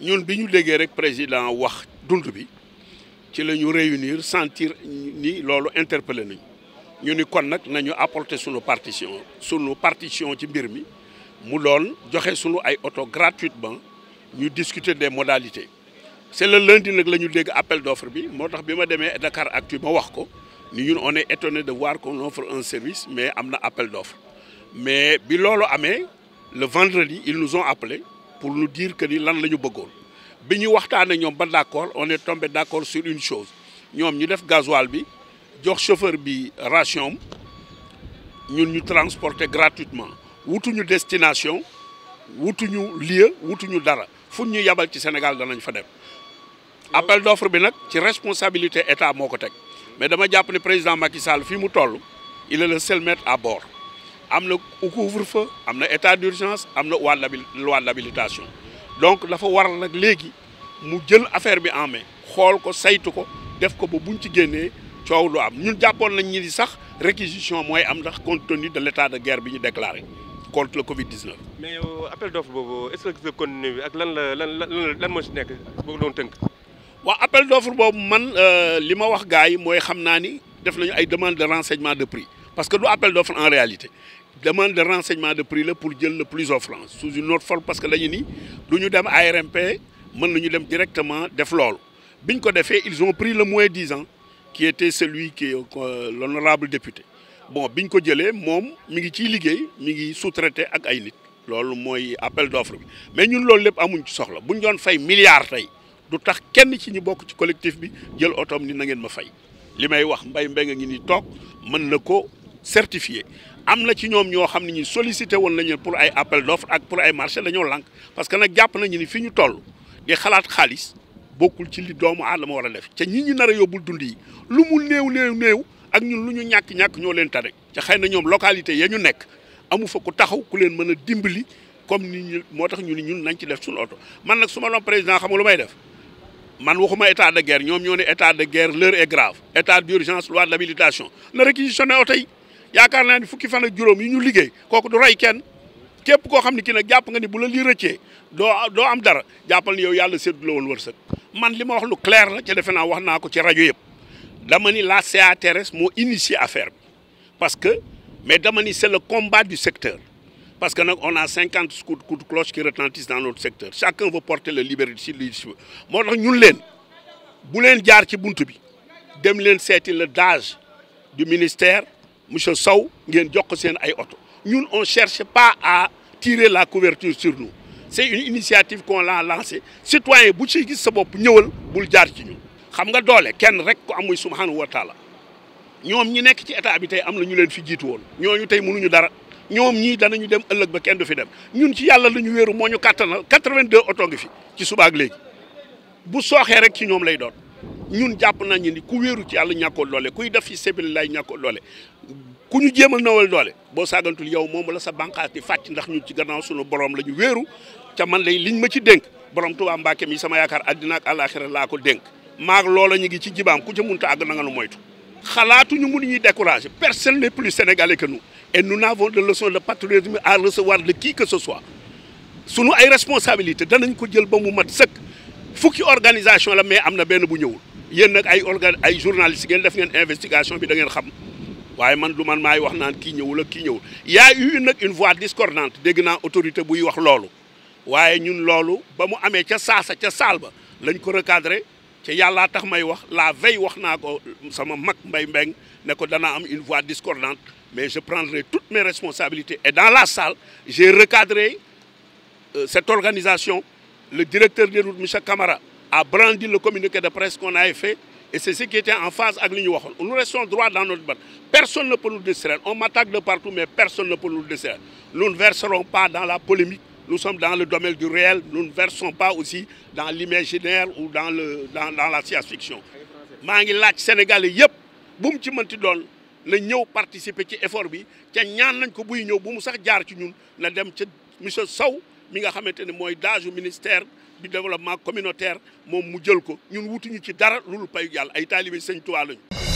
nous avons déggé avec rek président wax dund bi ci la réunir sentir ni lolu interpeller Nous ñu ni kon partitions. nañu apporter suñu partition suñu partition ci mbir mi mu doon joxé ay gratuitement ñu discuter des modalités c'est le lundi que nous avons dégg appel d'offre bi sommes étonnés Dakar Actu on est étonné de voir qu'on offre un service mais amna un appel d'offre mais le vendredi ils nous ont appelé pour nous dire que nous lan la ñu bëggoon bi ñu ba pas on est tombé d'accord sur une chose Nous ñu def gasoil bi jox chauffeur bi ration nous nous transportons gratuitement une destination un lieu wutuñu dara nous ñu yabal ci Sénégal dans fa dem. appel d'offres, offre bi nag ci responsabilité état l'État. ko mais dama jàpp le président Macky Sall il est le seul maître à bord am le couvre-feu am état d'urgence am na loi loi d'habilitation donc dafa waral que légui mu jël affaire bi en main xol ko saytu ko def ko ba buñ ci génnee la lu am ñun jàppoon nañ ñi di sax réquisition moy am ndax compte tenu de l'état de guerre bi déclaré contre le Covid 19. mais l'appel euh, appel d'offre est-ce que vous bi ak lan la lan lan mo ci nek bu doon teunk wa appel d'offre bobu man euh, li ma wax gars moy mooy ni def nañu ay demande de renseignement de prix parce que l'appel appel d'offre en réalité demande de renseignement de prix pour jël le plus offrant sous une autre forme parce que nous nous ARMP nous directement des loolu ils ont pris le moins ans, qui était celui qui euh, l'honorable député bon bi ko pris, mi sous-traité avec ay nit appel d'offre mais nous loolu lépp amuñ ci soxla nous fait doon milliards nous du tax kenn collectif bi jël fait na ngeen ma fay li wax mbay certifié Amna ci ñom ñoo xamni ne sollicité won nañu pour ay appel d'offre ak pour ay marché lañu lank parce que nak japp nañu ni fiñu ñu toll di xalaat xaalis bokul ci li doomu adama war def ca ñi ñi nara yobul yóbbul lu mu neew neew neew ak ñun luñu ñak ñak ñoo leen tare ca xeyna ñom localité ya ñu nekk amu fa ku taxaw ku leen mëna dimbali comme ni ñu moo ñu ni ñun nañ ci def sul auto man nak suma ma président xam lu may def man waxuma état de guerre ñom ñoo ni état de guerre l'heure est grave état d'urgence loi d'habilitation na réquisitionné auto yi yaakaar naa ni fukki fan ak juróom yi ñu liggéey kooku du rey kenn képp koo xam ne kii nag jàpp nga ni bu la lii rëccee doo doo am dara jàppal ni yow yàlla séddu la woon wërsëg man li ma wax lu clair la ca defe naa wax naa ko ci rajo yëpp dama ni la CATRS moo initié affaire bi parce que mais dama ni c'est le combat du secteur parce que nag on a cinquante coups de cloche qui retentissent dans notre secteur chacun veut porter le libéralisme moo tax ñun leen bu leen jaar ci bunt bi dem leen seeti le DAGE du ministère monsieur Sow ngeen jox ko seen ay oto ñun on cherche pas a tirer la couverture sur nous c'est une initiative qu'on a lancée citoyen bu ci gis sa bopp ñëwal bul jaar ci ñun xam nga doole kenn rek ko amuy subhanahu wa taala ñoom ñi nekk ci état bi tey am na ñu leen fi jiitu woon ñooñu tey mënuñu dara ñoom ñii danañu dem ëllëg ba kenn du fi dem ñun ci yàlla la ñu wéeru moo ñu kàttanal 82 oto ngi fi ci suba ak léegi bu sooxee rek ci ñoom lay doon ñun japp nañ ni ku wéeru ci Yalla ñako lolé kuy def fi sébili lay ñàkkoo doole ku ñu jémal a nawal doole boo saagantul yow moom la sa bànqaas di fàcc ndax ñun ci gannaaw suñu borom lañu ñu ca man lay liñ ma ci dénk borom Touba Mbacké mi sama yaakar adina ak àllaaxira la ko dénk maak loola ñu ngi ci jibam ku ca munta ag na nga lu moytu xalaatu ñu mënu ñi décourager personne n'est plus sénégalais que nous et nous n'avons de leçon de patriotisme à recevoir de qui que ce soit suñu ay responsabilité danañ ko jël ba mu mat sëkk fukki organisation la mais amna na benn bu ñëwul yéen nak ay organ ay journalistes ngeen def ngeen investigation bi da ngeen xam waaye man du man maay wax naan kii ñëwul ak kii ñëwul y a eu une voix discordante dégg naa autorité buy wax loolu waaye ñun loolu ba mu amee ca saasa ca saal ba lañ ko recadré ca yàllaa tax may wax la veille wax naa ko sama mag mbay mbeng ne ko danaa am une voix discordante mais je prendrai toutes mes responsabilités et dans la salle j'ai recadré euh, cette organisation le directeur de route, monsieur Camara a brandi le communiqué de presse qu'on avait fait et c'est ce qui était en phase avec l'Union Nous restons droits dans notre balle. Personne ne peut nous distraire. On m'attaque de partout, mais personne ne peut nous distraire. Nous ne verserons pas dans la polémique. Nous sommes dans le domaine du réel. Nous ne versons pas aussi dans l'imaginaire ou dans, la science-fiction. Je Sénégalais. boum Si qui du développement communautaire moom mu jël ko ñun wutuñu ci dara loolu payu yàlla ay taalibe sëñ Tuubaa lañu